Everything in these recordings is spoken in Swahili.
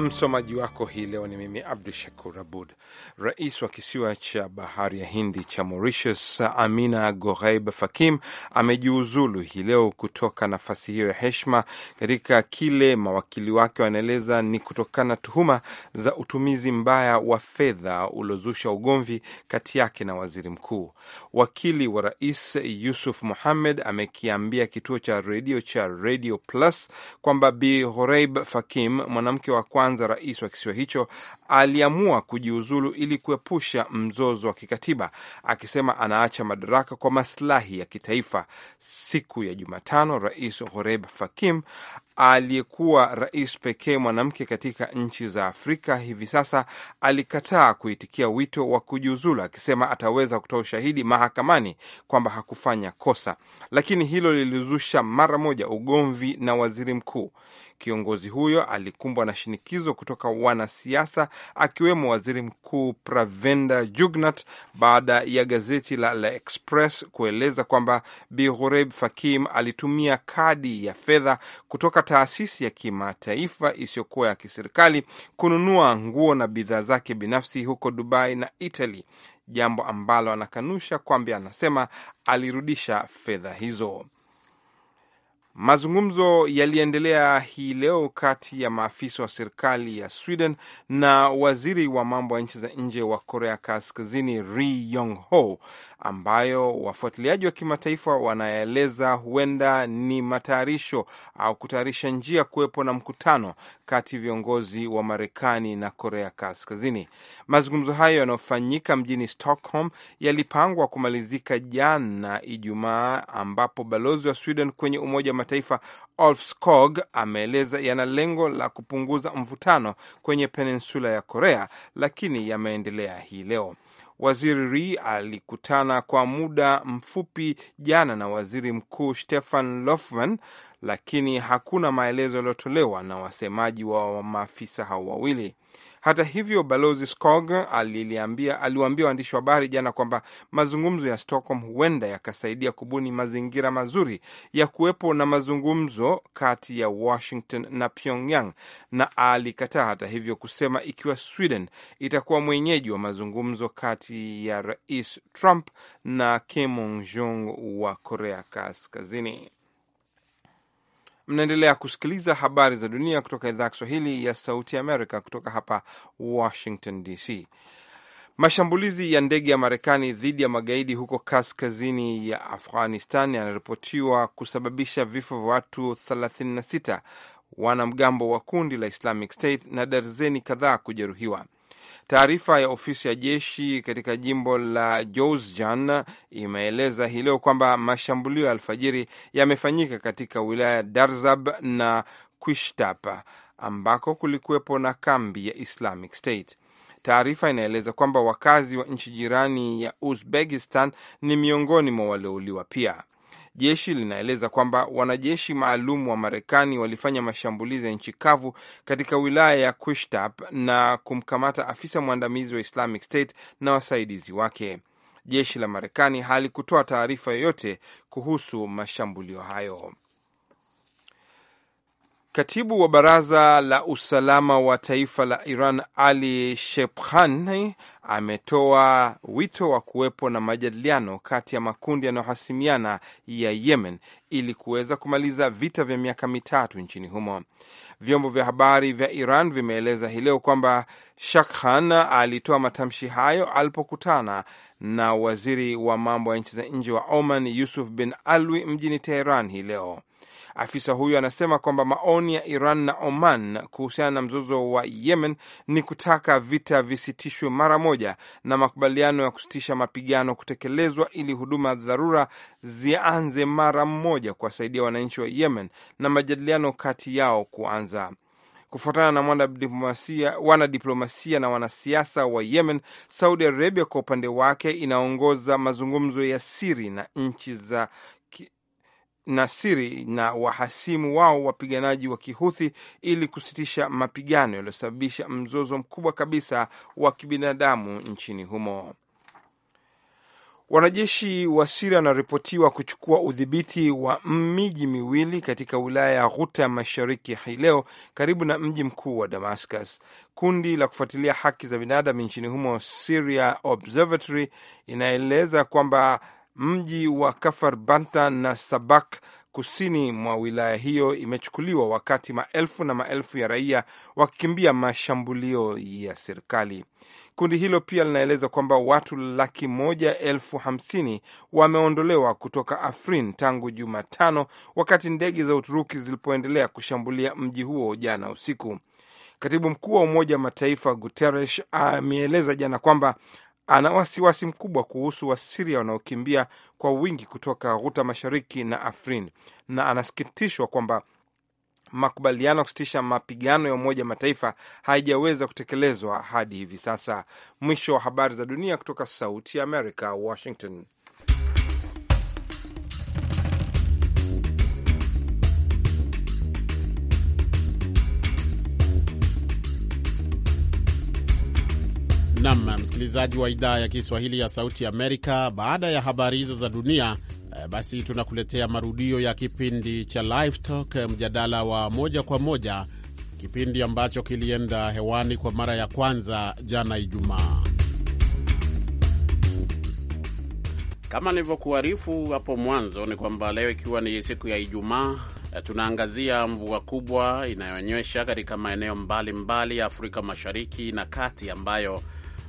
Msomaji wako hii leo ni mimi Abdu Shakur Abud. Rais wa kisiwa cha bahari ya Hindi cha Mauritius, Amina goghaib Fakim, amejiuzulu hii leo kutoka nafasi hiyo ya heshima, katika kile mawakili wake wanaeleza ni kutokana na tuhuma za utumizi mbaya wa fedha uliozusha ugomvi kati yake na waziri mkuu. Wakili wa rais Yusuf Muhammed amekiambia kituo cha redio cha Radio Plus kwamba Bi Ghoraib Fakim, mwanamke wa kwanza rais wa kisiwa hicho aliamua kujiuzulu ili kuepusha mzozo wa kikatiba, akisema anaacha madaraka kwa maslahi ya kitaifa. Siku ya Jumatano, rais Horeb Fakim aliyekuwa rais pekee mwanamke katika nchi za Afrika hivi sasa, alikataa kuitikia wito wa kujiuzulu, akisema ataweza kutoa ushahidi mahakamani kwamba hakufanya kosa, lakini hilo lilizusha mara moja ugomvi na waziri mkuu. Kiongozi huyo alikumbwa na shinikizo kutoka wanasiasa, akiwemo waziri mkuu Pravenda Jugnat baada ya gazeti la La Express kueleza kwamba Bi Fakim alitumia kadi ya fedha kutoka taasisi ya kimataifa isiyokuwa ya kiserikali kununua nguo na bidhaa zake binafsi huko Dubai na Italy, jambo ambalo anakanusha kwamba anasema alirudisha fedha hizo. Mazungumzo yaliendelea hii leo kati ya maafisa wa serikali ya Sweden na waziri wa mambo ya nchi za nje wa Korea Kaskazini Ri Yong Ho, ambayo wafuatiliaji wa kimataifa wanaeleza huenda ni matayarisho au kutayarisha njia kuwepo na mkutano kati viongozi wa Marekani na Korea Kaskazini. Mazungumzo hayo yanayofanyika mjini Stockholm yalipangwa kumalizika jana Ijumaa, ambapo balozi wa Sweden kwenye Umoja Mataifa Olfscog ameeleza yana lengo la kupunguza mvutano kwenye peninsula ya Korea, lakini yameendelea hii leo. Waziri Ri alikutana kwa muda mfupi jana na waziri mkuu Stefan Lofven, lakini hakuna maelezo yaliyotolewa na wasemaji wa maafisa hao wawili. Hata hivyo, balozi Skog aliwaambia waandishi wa habari jana kwamba mazungumzo ya Stockholm huenda yakasaidia kubuni mazingira mazuri ya kuwepo na mazungumzo kati ya Washington na Pyongyang, na alikataa hata hivyo kusema ikiwa Sweden itakuwa mwenyeji wa mazungumzo kati ya Rais Trump na Kim Jong Un wa Korea Kaskazini. Mnaendelea kusikiliza habari za dunia kutoka idhaa ya Kiswahili ya Sauti ya Amerika kutoka hapa Washington DC. Mashambulizi ya ndege ya Marekani dhidi ya magaidi huko kaskazini ya Afghanistan yanaripotiwa kusababisha vifo vya watu 36 wanamgambo wa kundi la Islamic State na darzeni kadhaa kujeruhiwa. Taarifa ya ofisi ya jeshi katika jimbo la josjan imeeleza hii leo kwamba mashambulio ya alfajiri yamefanyika katika wilaya Darzab na quishtap ambako kulikuwepo na kambi ya Islamic State. Taarifa inaeleza kwamba wakazi wa nchi jirani ya Uzbekistan ni miongoni mwa waliouliwa pia. Jeshi linaeleza kwamba wanajeshi maalum wa Marekani walifanya mashambulizi ya nchi kavu katika wilaya ya Kushtap na kumkamata afisa mwandamizi wa Islamic State na wasaidizi wake. Jeshi la Marekani halikutoa taarifa yoyote kuhusu mashambulio hayo. Katibu wa baraza la usalama wa taifa la Iran Ali Shepkhani ametoa wito wa kuwepo na majadiliano kati ya makundi yanayohasimiana ya Yemen ili kuweza kumaliza vita vya miaka mitatu nchini humo. Vyombo vya habari vya Iran vimeeleza hii leo kwamba Shakhan alitoa matamshi hayo alipokutana na waziri wa mambo ya nchi za nje wa Oman Yusuf bin Alwi mjini Teheran hii leo. Afisa huyo anasema kwamba maoni ya Iran na Oman kuhusiana na mzozo wa Yemen ni kutaka vita visitishwe mara moja na makubaliano ya kusitisha mapigano kutekelezwa ili huduma dharura zianze mara moja kuwasaidia wananchi wa Yemen na majadiliano kati yao kuanza. Kufuatana na wanadiplomasia na wanasiasa wa Yemen, Saudi Arabia kwa upande wake inaongoza mazungumzo ya siri na nchi za na siri na wahasimu wao wapiganaji wa Kihuthi ili kusitisha mapigano yaliyosababisha mzozo mkubwa kabisa wa kibinadamu nchini humo. Wanajeshi wa Siria wanaripotiwa kuchukua udhibiti wa miji miwili katika wilaya ya Ghuta mashariki hii leo karibu na mji mkuu wa Damascus. Kundi la kufuatilia haki za binadamu nchini humo, Syria Observatory, inaeleza kwamba mji wa Kafar Banta na Sabak kusini mwa wilaya hiyo imechukuliwa wakati maelfu na maelfu ya raia wakikimbia mashambulio ya serikali. Kundi hilo pia linaeleza kwamba watu laki moja elfu hamsini wameondolewa kutoka Afrin tangu Jumatano, wakati ndege za Uturuki zilipoendelea kushambulia mji huo jana usiku. Katibu mkuu wa Umoja wa Mataifa Guterres ameeleza jana kwamba ana wasiwasi mkubwa kuhusu Wasiria wanaokimbia kwa wingi kutoka Ghuta Mashariki na Afrin, na anasikitishwa kwamba makubaliano ya kusitisha mapigano ya Umoja Mataifa haijaweza kutekelezwa hadi hivi sasa. Mwisho wa habari za dunia kutoka Sauti ya Amerika, Washington. Nam msikilizaji wa idhaa ya Kiswahili ya Sauti Amerika, baada ya habari hizo za dunia eh, basi tunakuletea marudio ya kipindi cha Live Talk, eh, mjadala wa moja kwa moja, kipindi ambacho kilienda hewani kwa mara ya kwanza jana Ijumaa. Kama nilivyokuarifu hapo mwanzo, ni kwamba leo ikiwa ni siku ya Ijumaa, eh, tunaangazia mvua kubwa inayonyesha katika maeneo mbalimbali ya mbali Afrika Mashariki na Kati ambayo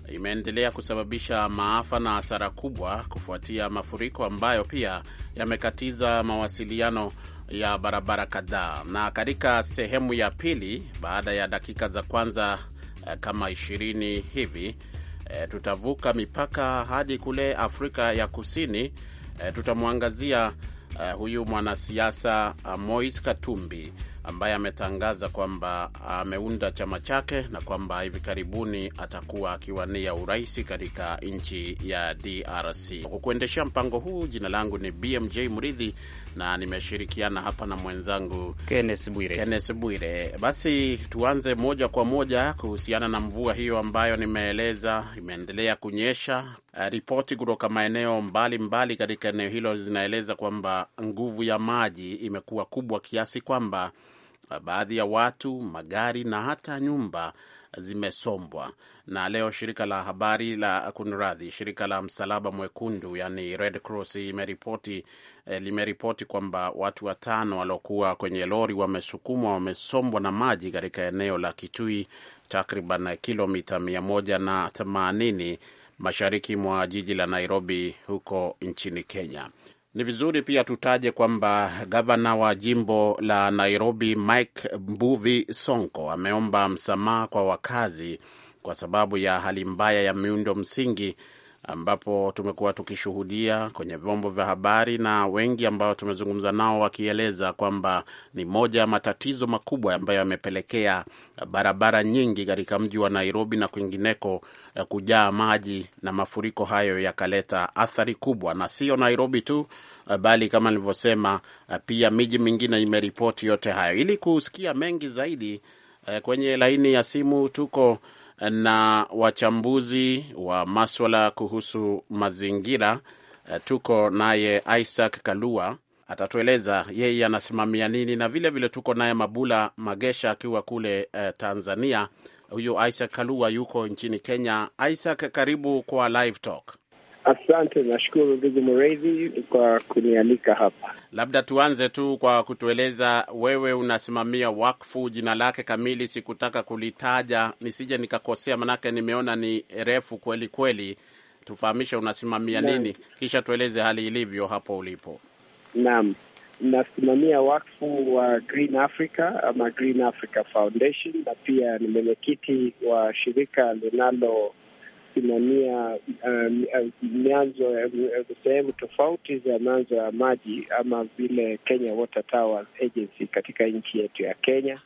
imeendelea kusababisha maafa na hasara kubwa kufuatia mafuriko ambayo pia yamekatiza mawasiliano ya barabara kadhaa. Na katika sehemu ya pili, baada ya dakika za kwanza eh, kama ishirini hivi, eh, tutavuka mipaka hadi kule Afrika ya Kusini. Eh, tutamwangazia uh, huyu mwanasiasa uh, Moise Katumbi ambaye ametangaza kwamba ameunda chama chake na kwamba hivi karibuni atakuwa akiwania urais katika nchi ya DRC. Kwa kuendeshea mpango huu, jina langu ni BMJ Mridhi na nimeshirikiana hapa na mwenzangu Kenneth Bwire. Kenneth Bwire, basi tuanze moja kwa moja kuhusiana na mvua hiyo ambayo nimeeleza imeendelea kunyesha. Uh, ripoti kutoka maeneo mbalimbali katika eneo hilo zinaeleza kwamba nguvu ya maji imekuwa kubwa kiasi kwamba eh, baadhi ya watu, magari na hata nyumba zimesombwa. Na leo shirika la habari la kunradhi, shirika la Msalaba Mwekundu yani Red Cross imeripoti eh, limeripoti kwamba watu watano waliokuwa kwenye lori wamesukumwa, wamesombwa na maji katika eneo la Kitui, takriban kilomita 180 mashariki mwa jiji la Nairobi huko nchini Kenya. Ni vizuri pia tutaje kwamba gavana wa jimbo la Nairobi Mike Mbuvi Sonko ameomba msamaha kwa wakazi kwa sababu ya hali mbaya ya miundo msingi ambapo tumekuwa tukishuhudia kwenye vyombo vya habari na wengi ambao tumezungumza nao wakieleza kwamba ni moja ya matatizo makubwa ambayo yamepelekea barabara nyingi katika mji wa Nairobi na kwingineko eh, kujaa maji na mafuriko hayo yakaleta athari kubwa, na sio Nairobi tu eh, bali kama nilivyosema, eh, pia miji mingine imeripoti yote hayo. Ili kusikia mengi zaidi, kwenye laini ya simu tuko na wachambuzi wa maswala kuhusu mazingira. Eh, tuko naye Isaac Kalua atatueleza yeye anasimamia nini, na vilevile vile tuko naye Mabula Magesha akiwa kule eh, Tanzania. Huyu Isaac Kalua yuko nchini Kenya. Isaac, karibu kwa Live Talk. Asante, nashukuru ndugu mrehi kwa kunialika hapa. Labda tuanze tu kwa kutueleza, wewe unasimamia wakfu, jina lake kamili sikutaka kulitaja nisije nikakosea, manake nimeona ni refu kweli kweli. Tufahamishe unasimamia nini, kisha tueleze hali ilivyo hapo ulipo. Naam, nasimamia wakfu wa Green Africa ama Green Africa Foundation, na pia ni mwenyekiti wa shirika linalo kusimamia eh, mianzo sehemu tofauti za mianzo ya maji ama vile Kenya Water Towers Agency katika nchi yetu ya Kenya.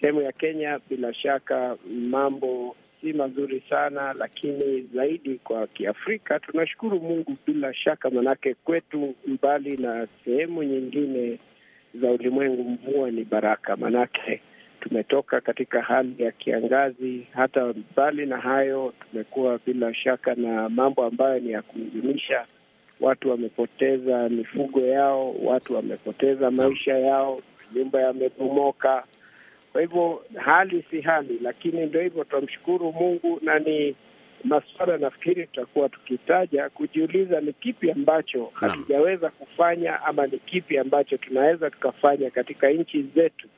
Sehemu ya Kenya, bila shaka mambo si mazuri sana, lakini zaidi kwa Kiafrika tunashukuru Mungu bila shaka, manake kwetu, mbali na sehemu nyingine za ulimwengu, mvua ni baraka manake tumetoka katika hali ya kiangazi. Hata mbali na hayo, tumekuwa bila shaka na mambo ambayo ni ya kuhuzunisha. Watu wamepoteza mifugo yao, watu wamepoteza maisha yao, nyumba yamebomoka. Kwa hivyo hali si hali, lakini ndo hivyo, tunamshukuru Mungu na ni maswala nafikiri tutakuwa tukitaja kujiuliza ni kipi ambacho hatujaweza kufanya ama ni kipi ambacho tunaweza tukafanya katika nchi zetu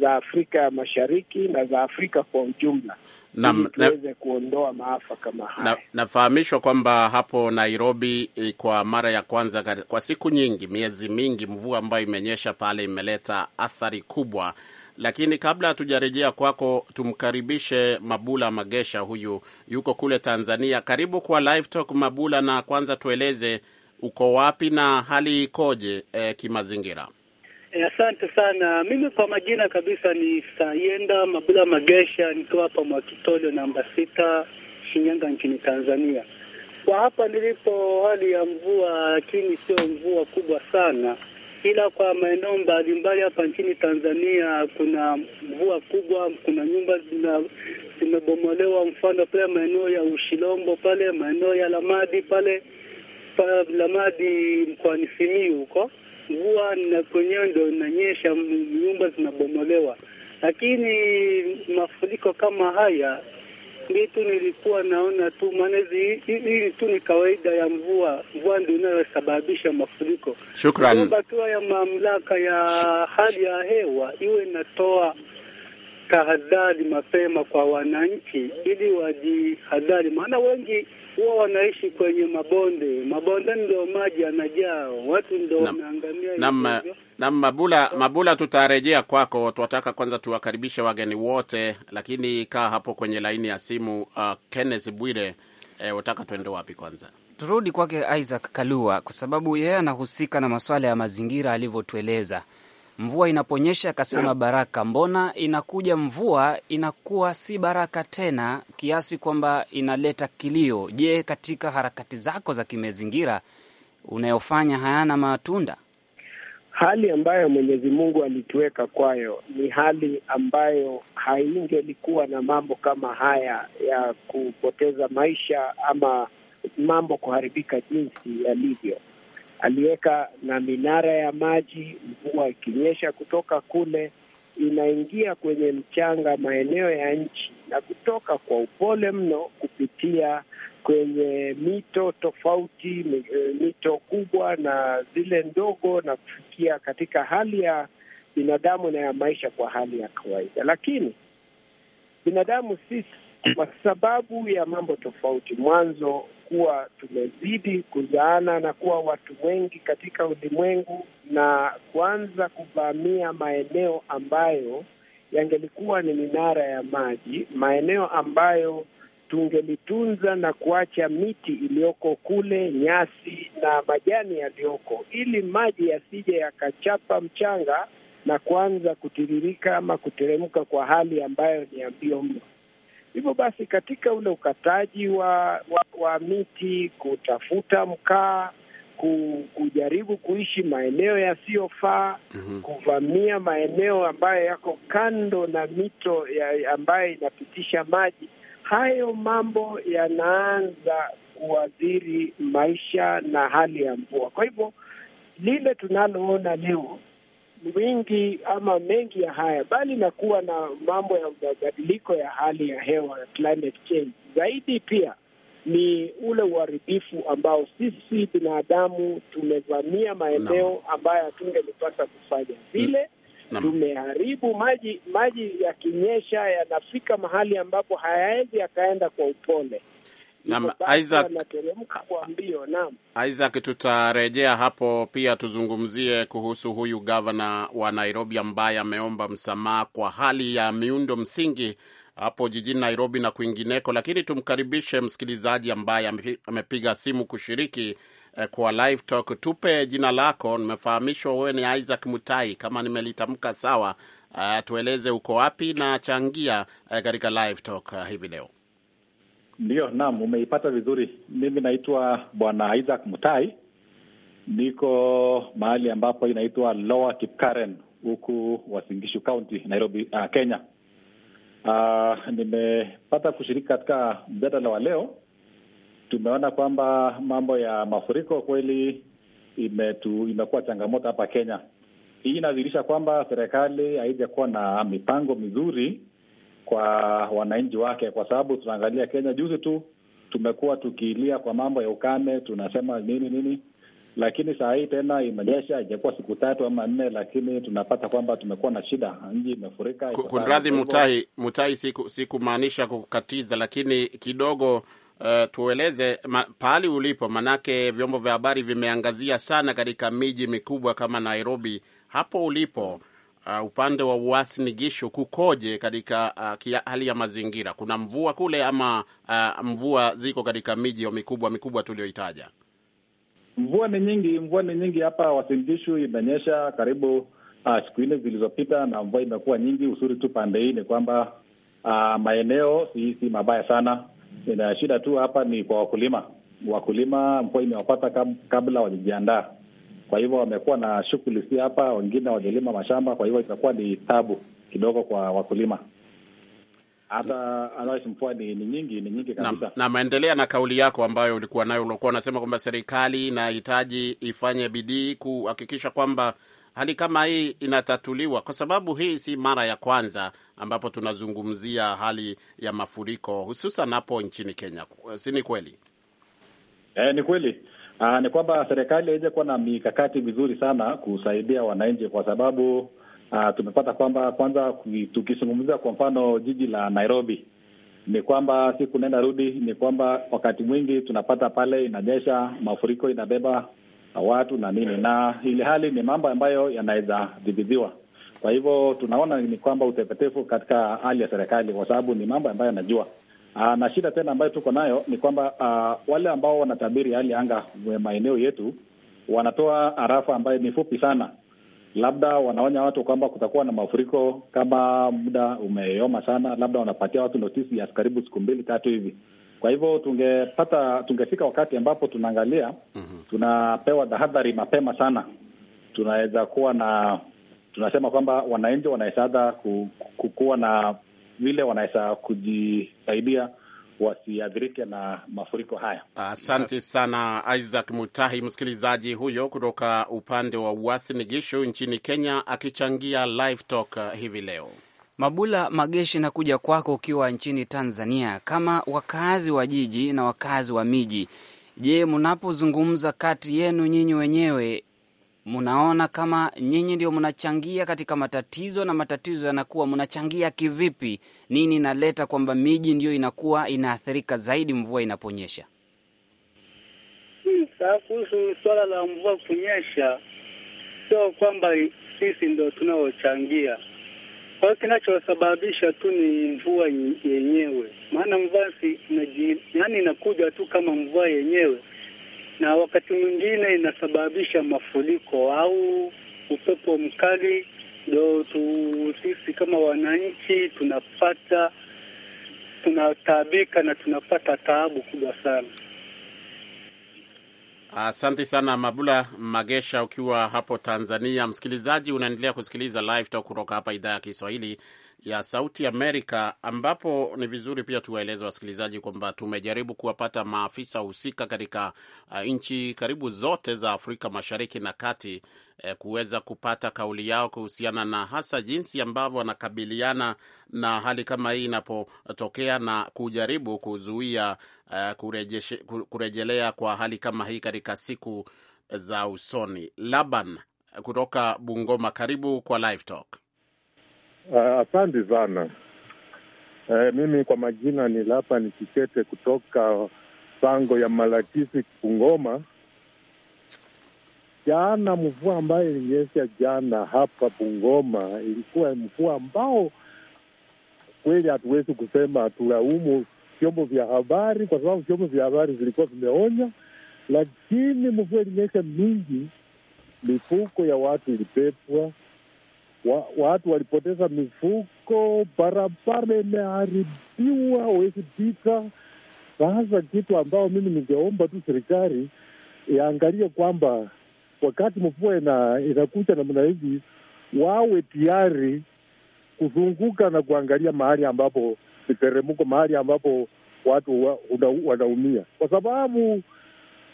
za Afrika Mashariki na za Afrika kwa ujumla ili tuweze kuondoa maafa kama haya. Nafahamishwa na kwamba hapo Nairobi kwa mara ya kwanza kwa siku nyingi, miezi mingi, mvua ambayo imenyesha pale imeleta athari kubwa. Lakini kabla hatujarejea kwako, tumkaribishe Mabula Magesha, huyu yuko kule Tanzania. Karibu kwa Live Talk Mabula, na kwanza tueleze uko wapi na hali ikoje, eh, kimazingira? Eh, asante sana. Mimi kwa majina kabisa ni Sayenda Mabula Magesha, nikiwa hapa mwakitolo namba sita, Shinyanga nchini Tanzania. Kwa hapa nilipo, hali ya mvua, lakini sio mvua kubwa sana, ila kwa maeneo mbalimbali hapa nchini Tanzania kuna mvua kubwa, kuna nyumba zina zimebomolewa, mfano pale maeneo ya Ushilombo pale maeneo ya Lamadi pale pa, Lamadi mkoani Simiyu huko mvua na kwenyewe ndo inanyesha, nyumba zinabomolewa. Lakini mafuriko kama haya mi tu nilikuwa naona tu maana hii tu ni kawaida ya mvua. Mvua ndio inayosababisha mafuriko. Shukrani. Bakiwa ya mamlaka ya hali ya hewa iwe inatoa tahadhari mapema kwa wananchi ili wajihadhari, maana wengi huwa wanaishi kwenye mabonde. Mabondeni ndio maji yanajaa, watu ndio wameangamia. Nam, Mabula, Mabula, tutarejea kwako. Tunataka kwanza tuwakaribishe wageni wote, lakini kaa hapo kwenye laini ya simu. Uh, Kenneth Bwire, eh, tuende wapi kwanza? Turudi kwake Isaac Kalua kwa sababu yeye anahusika na masuala ya mazingira alivyotueleza mvua inaponyesha, akasema baraka, mbona inakuja mvua inakuwa si baraka tena, kiasi kwamba inaleta kilio? Je, katika harakati zako za kimazingira unayofanya hayana matunda? Hali ambayo Mwenyezi Mungu alituweka kwayo ni hali ambayo haingelikuwa na mambo kama haya ya kupoteza maisha ama mambo kuharibika jinsi yalivyo aliweka na minara ya maji, mvua ikinyesha kutoka kule inaingia kwenye mchanga maeneo ya nchi na kutoka kwa upole mno kupitia kwenye mito tofauti, mito kubwa na zile ndogo, na kufikia katika hali ya binadamu na ya maisha kwa hali ya kawaida. Lakini binadamu sisi, kwa sababu ya mambo tofauti, mwanzo kuwa tumezidi kuzaana na kuwa watu wengi katika ulimwengu na kuanza kuvamia maeneo ambayo yangelikuwa ni minara ya maji, maeneo ambayo tungelitunza na kuacha miti iliyoko kule, nyasi na majani yaliyoko, ili maji yasije yakachapa mchanga na kuanza kutiririka ama kuteremka kwa hali ambayo ni ya mbio mno. Hivyo basi katika ule ukataji wa, wa, wa miti, kutafuta mkaa, kujaribu kuishi maeneo yasiyofaa, mm -hmm. kuvamia maeneo ambayo yako kando na mito ya ambayo inapitisha maji, hayo mambo yanaanza kuadhiri maisha na hali ya mvua. Kwa hivyo lile tunaloona leo wingi ama mengi ya haya, bali na kuwa na mambo ya mabadiliko ya hali ya hewa climate change, zaidi pia ni ule uharibifu ambao sisi binadamu tumevamia maeneo no. ambayo hatungelipasa kufanya mm. vile no. Tumeharibu maji, maji yakinyesha yanafika mahali ambapo hayawezi yakaenda kwa upole. Isaac, Isaac, tutarejea hapo pia tuzungumzie kuhusu huyu gavana wa Nairobi ambaye ameomba msamaha kwa hali ya miundo msingi hapo jijini Nairobi na kwingineko, lakini tumkaribishe msikilizaji ambaye amepiga simu kushiriki eh, kwa live talk. Tupe jina lako, nimefahamishwa wewe ni Isaac Mutai kama nimelitamka sawa. Uh, tueleze uko wapi na changia eh, katika live talk uh, hivi leo. Ndiyo, naam, umeipata vizuri. Mimi naitwa Bwana Isaac Mutai, niko mahali ambapo inaitwa Lower Kipkaren huku Wasingishu County, Nairobi, uh, Kenya. Uh, nimepata kushiriki katika mjadala wa leo. Tumeona kwamba mambo ya mafuriko kweli imetu, imekuwa changamoto hapa Kenya. Hii inadhihirisha kwamba serikali haijakuwa na mipango mizuri kwa wananchi wake, kwa sababu tunaangalia Kenya juzi tu tumekuwa tukiilia kwa mambo ya ukame, tunasema nini nini, lakini saa hii tena imenyesha, ijakuwa siku tatu ama nne, lakini tunapata kwamba tumekuwa na shida, nji imefurika. Kunradhi Mutai, Mutai, sikumaanisha siku kukatiza, lakini kidogo Uh, tueleze pahali ulipo, manake vyombo vya habari vimeangazia sana katika miji mikubwa kama Nairobi. Hapo ulipo uh, upande wa uasi ni jisho kukoje katika uh, hali ya mazingira? Kuna mvua kule ama uh, mvua ziko katika miji mikubwa mikubwa tuliyoitaja? Mvua ni nyingi, mvua ni nyingi hapa Wasingishu, imenyesha karibu uh, siku nne zilizopita, na mvua imekuwa nyingi. Uzuri tu pande hii ni kwamba uh, maeneo si, si mabaya sana, ina shida tu hapa ni kwa wakulima. Wakulima mvua imewapata kabla wajijiandaa kwa hivyo wamekuwa na shughuli si hapa, wengine wajalima mashamba, kwa hivyo itakuwa ni tabu kidogo kwa wakulima. Hata mvua ni, ni nyingi ni nyingi kabisa. na, na kauli yako ambayo ulikuwa nayo, ulikuwa unasema kwamba serikali inahitaji ifanye bidii kuhakikisha kwamba hali kama hii inatatuliwa, kwa sababu hii si mara ya kwanza ambapo tunazungumzia hali ya mafuriko hususan hapo nchini Kenya, si ni kweli? Eh, ni kweli Aa, ah, ni kwamba serikali haija kuwa na mikakati vizuri sana kusaidia wananchi, kwa sababu Uh, tumepata kwamba kwanza, tukizungumzia kwa mfano jiji la Nairobi, ni kwamba siku nenda rudi, ni kwamba wakati mwingi tunapata pale inanyesha, mafuriko inabeba watu na nini, na ili hali ni mambo ambayo yanaweza dhibitiwa. Kwa hivyo tunaona ni kwamba utepetevu katika hali ya serikali, kwa sababu ni mambo ambayo yanajua Aa, ah, na shida tena ambayo tuko nayo ni kwamba uh, wale ambao wanatabiri hali ya anga maeneo yetu wanatoa arafa ambayo ni fupi sana, labda wanaonya watu kwamba kutakuwa na mafuriko kama muda umeyoma sana, labda wanapatia watu notisi ya karibu siku mbili tatu hivi. Kwa hivyo tungepata tungefika wakati ambapo tunaangalia, mm -hmm. tunapewa tahadhari mapema sana, tunaweza kuwa na tunasema kwamba wananchi wanaweza kuwa na vile wanaweza kujisaidia wasiathirike na mafuriko haya. Asante yes sana Isaac Mutahi, msikilizaji huyo kutoka upande wa Uasin Gishu nchini Kenya, akichangia Live Talk uh, hivi leo. Mabula Mageshi, nakuja kwako ukiwa nchini Tanzania. Kama wakazi wa jiji na wakazi wa miji, je, mnapozungumza kati yenu nyinyi wenyewe mnaona kama nyinyi ndio mnachangia katika matatizo, na matatizo yanakuwa mnachangia kivipi? Nini inaleta kwamba miji ndiyo inakuwa inaathirika zaidi mvua inaponyesha? Sasa kuhusu swala la mvua kunyesha, sio kwamba sisi ndo tunaochangia. Kwa hiyo kinachosababisha tu ni mvua yenyewe, maana mvua si, yani inakuja tu kama mvua yenyewe na wakati mwingine inasababisha mafuriko au upepo mkali, ndio sisi kama wananchi tunapata tunataabika na tunapata taabu kubwa sana. Asante sana Mabula Magesha, ukiwa hapo Tanzania. Msikilizaji, unaendelea kusikiliza Live Talk kutoka hapa idhaa ya Kiswahili ya Sauti Amerika, ambapo ni vizuri pia tuwaeleze wasikilizaji kwamba tumejaribu kuwapata maafisa husika katika uh, nchi karibu zote za Afrika Mashariki na Kati eh, kuweza kupata kauli yao kuhusiana na hasa jinsi ambavyo wanakabiliana na hali kama hii inapotokea na kujaribu kuzuia uh, kurejeshe, kurejelea kwa hali kama hii katika siku za usoni. Laban eh, kutoka Bungoma, karibu kwa Live Talk. Eh, asante sana uh, mimi kwa majina ni Lapa ni Kikete kutoka pango ya Malakisi Bungoma. Jana mvua ambayo ilinyesha jana hapa Bungoma ilikuwa mvua ambao kweli hatuwezi kusema tulaumu vyombo vya habari, kwa sababu vyombo vya habari vilikuwa vimeonya, lakini mvua ilinyesha mingi, mifuko ya watu ilipepwa wa, watu walipoteza mifuko, barabara imeharibiwa, huwezi pita. Sasa kitu ambao mimi ningeomba tu serikali iangalie kwamba wakati mvua ina, na namna hivi, wawe tayari kuzunguka na kuangalia mahali ambapo miteremko, mahali ambapo watu wa, wanaumia, kwa sababu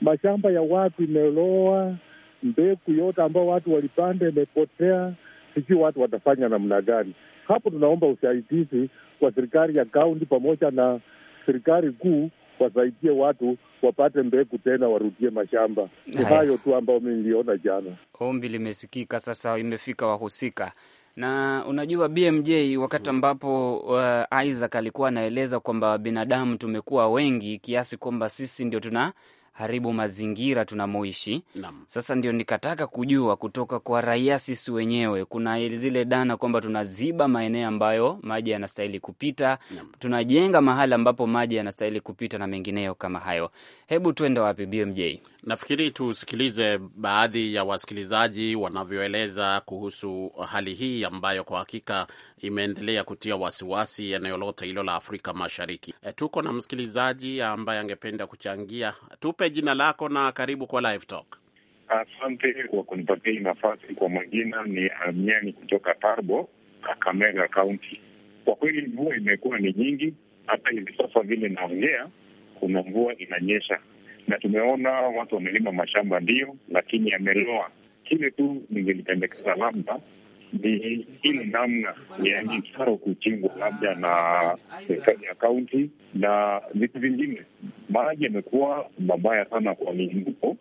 mashamba ya watu imeloa, mbegu yote ambao watu walipanda imepotea sijui watu watafanya namna gani. Hapo tunaomba usaidizi kwa serikali ya kaunti pamoja na serikali kuu wasaidie watu wapate mbegu tena warudie mashamba. Ni hayo tu ambayo mi niliona jana. Ombi limesikika, sasa imefika wahusika. Na unajua BMJ, wakati ambapo uh, Isaac alikuwa anaeleza kwamba binadamu tumekuwa wengi kiasi kwamba sisi ndio tuna haribu mazingira tunamoishi. Sasa ndio nikataka kujua kutoka kwa raia sisi wenyewe, kuna zile dana kwamba tunaziba maeneo ambayo maji yanastahili kupita Nam. tunajenga mahali ambapo maji yanastahili kupita na mengineyo kama hayo. Hebu tuende wapi BMJ? Nafikiri tusikilize baadhi ya wasikilizaji wanavyoeleza kuhusu hali hii ambayo kwa hakika imeendelea kutia wasiwasi eneo lote hilo la Afrika Mashariki. E, tuko na msikilizaji ambaye angependa kuchangia tupe tupe jina lako na karibu kwa Live Talk. Asante kwa kunipatia hii nafasi. Kwa majina ni Amiani kutoka Tarbo, Kakamega Kaunti. Kwa kweli mvua imekuwa ni nyingi, hata hivi sasa vile naongea kuna mvua inanyesha, na tumeona watu wamelima mashamba, ndio lakini yameloa. Kile tu ningelipendekeza labda ni ile namna ya mitaro kuchimbwa labda na serikali ya kaunti na vitu vingine. Maji yamekuwa mabaya sana kwa miinuko,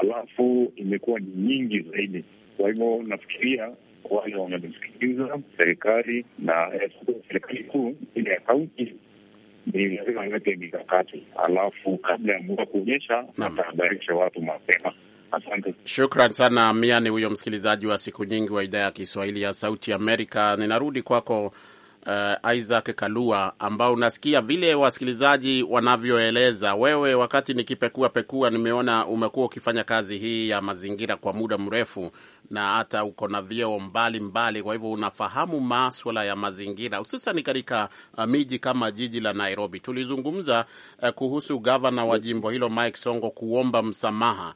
alafu imekuwa ni nyingi zaidi. Kwa hivyo nafikiria wale wanatusikiliza, serikali na serikali kuu ile ya kaunti ni lazima iweke mikakati, alafu kabla ya mvua kuonyesha, atahabarisha watu mapema. Asante, shukran sana Mia. Ni huyo msikilizaji wa siku nyingi wa idhaa ya Kiswahili ya Sauti Amerika. Ninarudi kwako Uh, Isaac Kalua ambao unasikia vile wasikilizaji wanavyoeleza. Wewe wakati nikipekua pekua, nimeona umekuwa ukifanya kazi hii ya mazingira kwa muda mrefu na hata uko na vyeo mbalimbali, kwa hivyo unafahamu maswala ya mazingira, hususan katika uh, miji kama jiji la Nairobi. Tulizungumza uh, kuhusu gavana wa jimbo hilo Mike Songo kuomba msamaha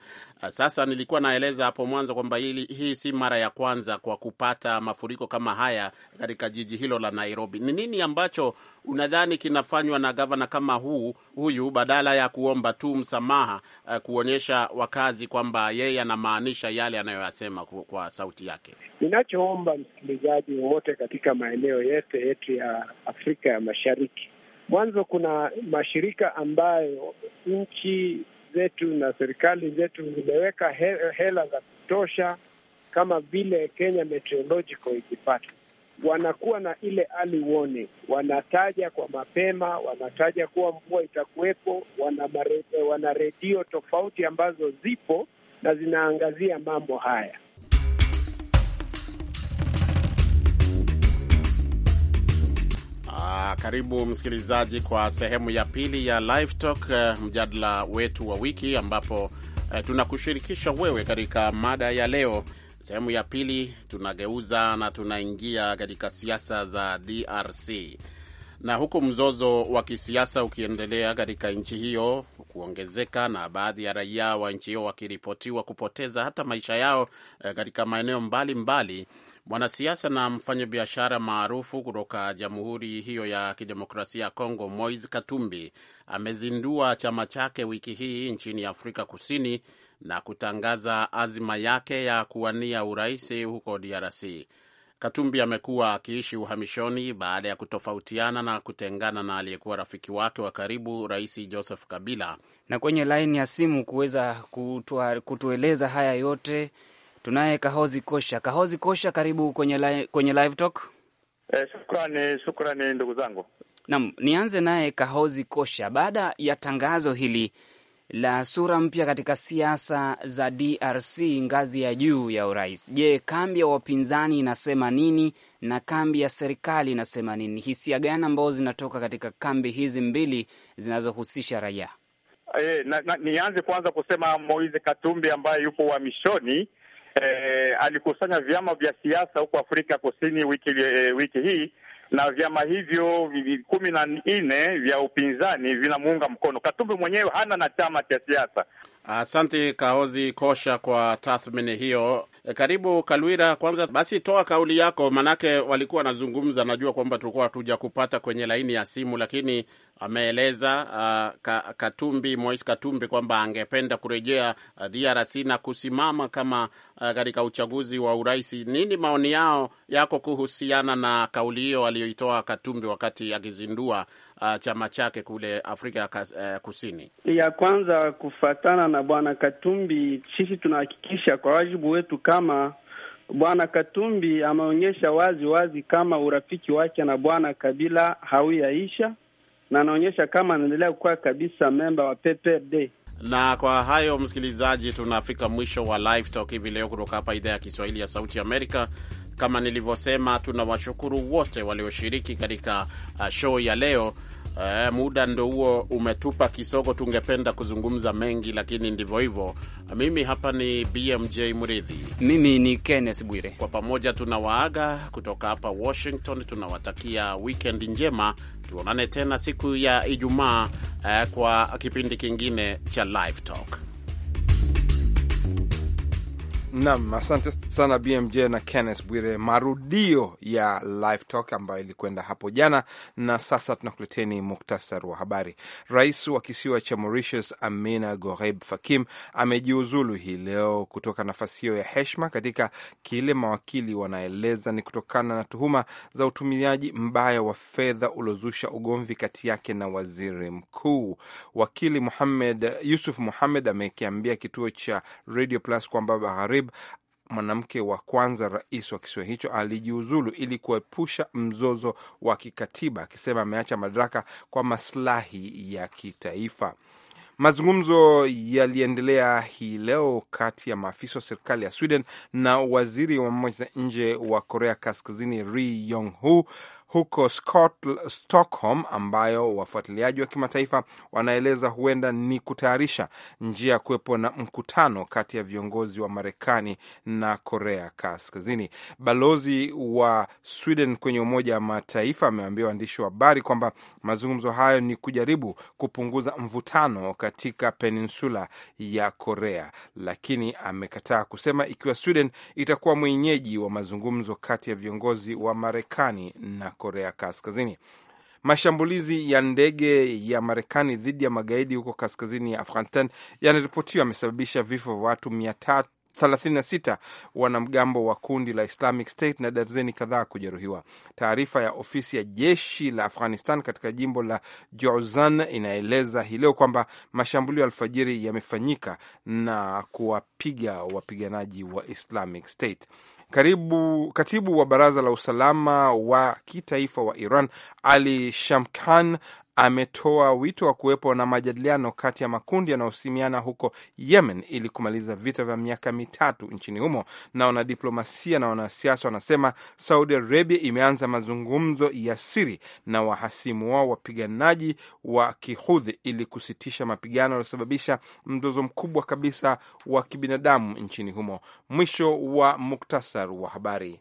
sasa nilikuwa naeleza hapo mwanzo kwamba hii si mara ya kwanza kwa kupata mafuriko kama haya katika jiji hilo la Nairobi. Ni nini ambacho unadhani kinafanywa na gavana kama huu huyu, badala ya kuomba tu msamaha, uh, kuonyesha wakazi kwamba yeye anamaanisha yale anayoyasema kwa sauti yake? Ninachoomba msikilizaji wowote katika maeneo yote yetu ya Afrika ya Mashariki, mwanzo kuna mashirika ambayo nchi zetu na serikali zetu zimeweka he, hela za kutosha, kama vile Kenya Meteorological ikipata, wanakuwa na ile early warning, wanataja kwa mapema, wanataja kuwa mvua itakuwepo, wana, wana redio tofauti ambazo zipo na zinaangazia mambo haya. Ah, karibu msikilizaji kwa sehemu ya pili ya Live Talk, eh, mjadala wetu wa wiki ambapo uh, tunakushirikisha wewe katika mada ya leo. Sehemu ya pili tunageuza na tunaingia katika siasa za DRC na huku mzozo wa kisiasa ukiendelea katika nchi hiyo kuongezeka na baadhi ya raia wa nchi hiyo wakiripotiwa kupoteza hata maisha yao eh, katika maeneo mbalimbali mbali. Mwanasiasa na mfanyabiashara maarufu kutoka jamhuri hiyo ya kidemokrasia ya Kongo, Moise Katumbi amezindua chama chake wiki hii nchini Afrika Kusini na kutangaza azima yake ya kuwania urais huko DRC. Katumbi amekuwa akiishi uhamishoni baada ya kutofautiana na kutengana na aliyekuwa rafiki wake wa karibu Rais Joseph Kabila. Na kwenye laini ya simu kuweza kutueleza haya yote Tunaye Kahozi Kosha. Kahozi Kosha, karibu kwenye live, kwenye live talk. Eh, shukrani, shukrani ndugu zangu. Naam, nianze naye Kahozi Kosha, baada ya tangazo hili la sura mpya katika siasa za DRC ngazi ya juu ya urais. Je, kambi ya wapinzani inasema nini na kambi ya serikali inasema nini? Hisia gani ambazo zinatoka katika kambi hizi mbili zinazohusisha raia? E, nianze kwanza kusema Moise Katumbi ambaye yupo uhamishoni eh, alikusanya vyama vya siasa huko Afrika Kusini wiki, eh, wiki hii na vyama hivyo kumi na nne vya upinzani vinamuunga mkono. Katumbi mwenyewe hana na chama cha siasa, Asante Kaozi Kosha kwa tathmini hiyo. E, karibu Kalwira. Kwanza basi toa kauli yako, manake walikuwa wanazungumza, najua kwamba tulikuwa hatuja kupata kwenye laini ya simu, lakini ameeleza uh, ka, Katumbi mois Katumbi kwamba angependa kurejea DRC na kusimama kama uh, katika uchaguzi wa urais. Nini maoni yao yako kuhusiana na kauli hiyo aliyoitoa Katumbi wakati akizindua uh, chama chake kule Afrika uh, Kusini. Ya kwanza kufatana na bwana Katumbi, sisi tunahakikisha kwa wajibu wetu kama bwana Katumbi ameonyesha wazi wazi kama urafiki wake na bwana Kabila hauyaisha na anaonyesha kama anaendelea kuwa kabisa memba wa PPRD. Na kwa hayo, msikilizaji, tunafika mwisho wa Live Talk hivi leo kutoka hapa idhaa ya Kiswahili ya Sauti Amerika. Kama nilivyosema, tunawashukuru wote walioshiriki katika uh, show ya leo Eh, muda ndo huo umetupa kisogo. Tungependa kuzungumza mengi, lakini ndivyo hivyo. Mimi hapa ni BMJ Mridhi, mimi ni Kenneth Bwire. Kwa pamoja tunawaaga kutoka hapa Washington, tunawatakia weekend njema. Tuonane tena siku ya Ijumaa eh, kwa kipindi kingine cha Live Talk. Nam, asante sana BMJ na Kenneth Bwire. Marudio ya Live Talk ambayo ilikwenda hapo jana, na sasa tunakuleteni muktasari wa habari. Rais wa kisiwa cha Mauritius Amina Goreb Fakim amejiuzulu hii leo kutoka nafasi hiyo ya heshima katika kile mawakili wanaeleza ni kutokana na tuhuma za utumiaji mbaya wa fedha uliozusha ugomvi kati yake na waziri mkuu. Wakili Muhammad, Yusuf Muhammad amekiambia kituo cha Radio Plus kwamba Tlaib, mwanamke wa kwanza rais wa kisiwa hicho, alijiuzulu ili kuepusha mzozo wa kikatiba, akisema ameacha madaraka kwa maslahi ya kitaifa. Mazungumzo yaliendelea hii leo kati ya maafisa wa serikali ya Sweden na waziri wa mambo ya nje wa Korea Kaskazini Ri Yong Hu huko Stockholm, ambayo wafuatiliaji wa kimataifa wanaeleza huenda ni kutayarisha njia ya kuwepo na mkutano kati ya viongozi wa Marekani na Korea Kaskazini. Balozi wa Sweden kwenye Umoja wa Mataifa amewaambia waandishi wa habari kwamba mazungumzo hayo ni kujaribu kupunguza mvutano katika peninsula ya Korea, lakini amekataa kusema ikiwa Sweden itakuwa mwenyeji wa mazungumzo kati ya viongozi wa Marekani na Korea. Korea Kaskazini. Mashambulizi ya ndege ya Marekani dhidi ya magaidi huko kaskazini ya Afghanistan yanaripotiwa yamesababisha vifo vya watu 36 wanamgambo wa kundi la Islamic State na darzeni kadhaa kujeruhiwa. Taarifa ya ofisi ya jeshi la Afghanistan katika jimbo la Jozan inaeleza hii leo kwamba mashambulio ya alfajiri yamefanyika na kuwapiga wapiganaji wa Islamic State. Karibu katibu wa baraza la usalama wa kitaifa wa Iran Ali Shamkan ametoa wito wa kuwepo na majadiliano kati ya makundi yanayohusimiana huko Yemen ili kumaliza vita vya miaka mitatu nchini humo. Na wanadiplomasia na wanasiasa wanasema Saudi Arabia imeanza mazungumzo ya siri na wahasimu wao wapiganaji wa Kihudhi ili kusitisha mapigano yaliyosababisha mzozo mkubwa kabisa wa kibinadamu nchini humo. Mwisho wa muktasar wa habari.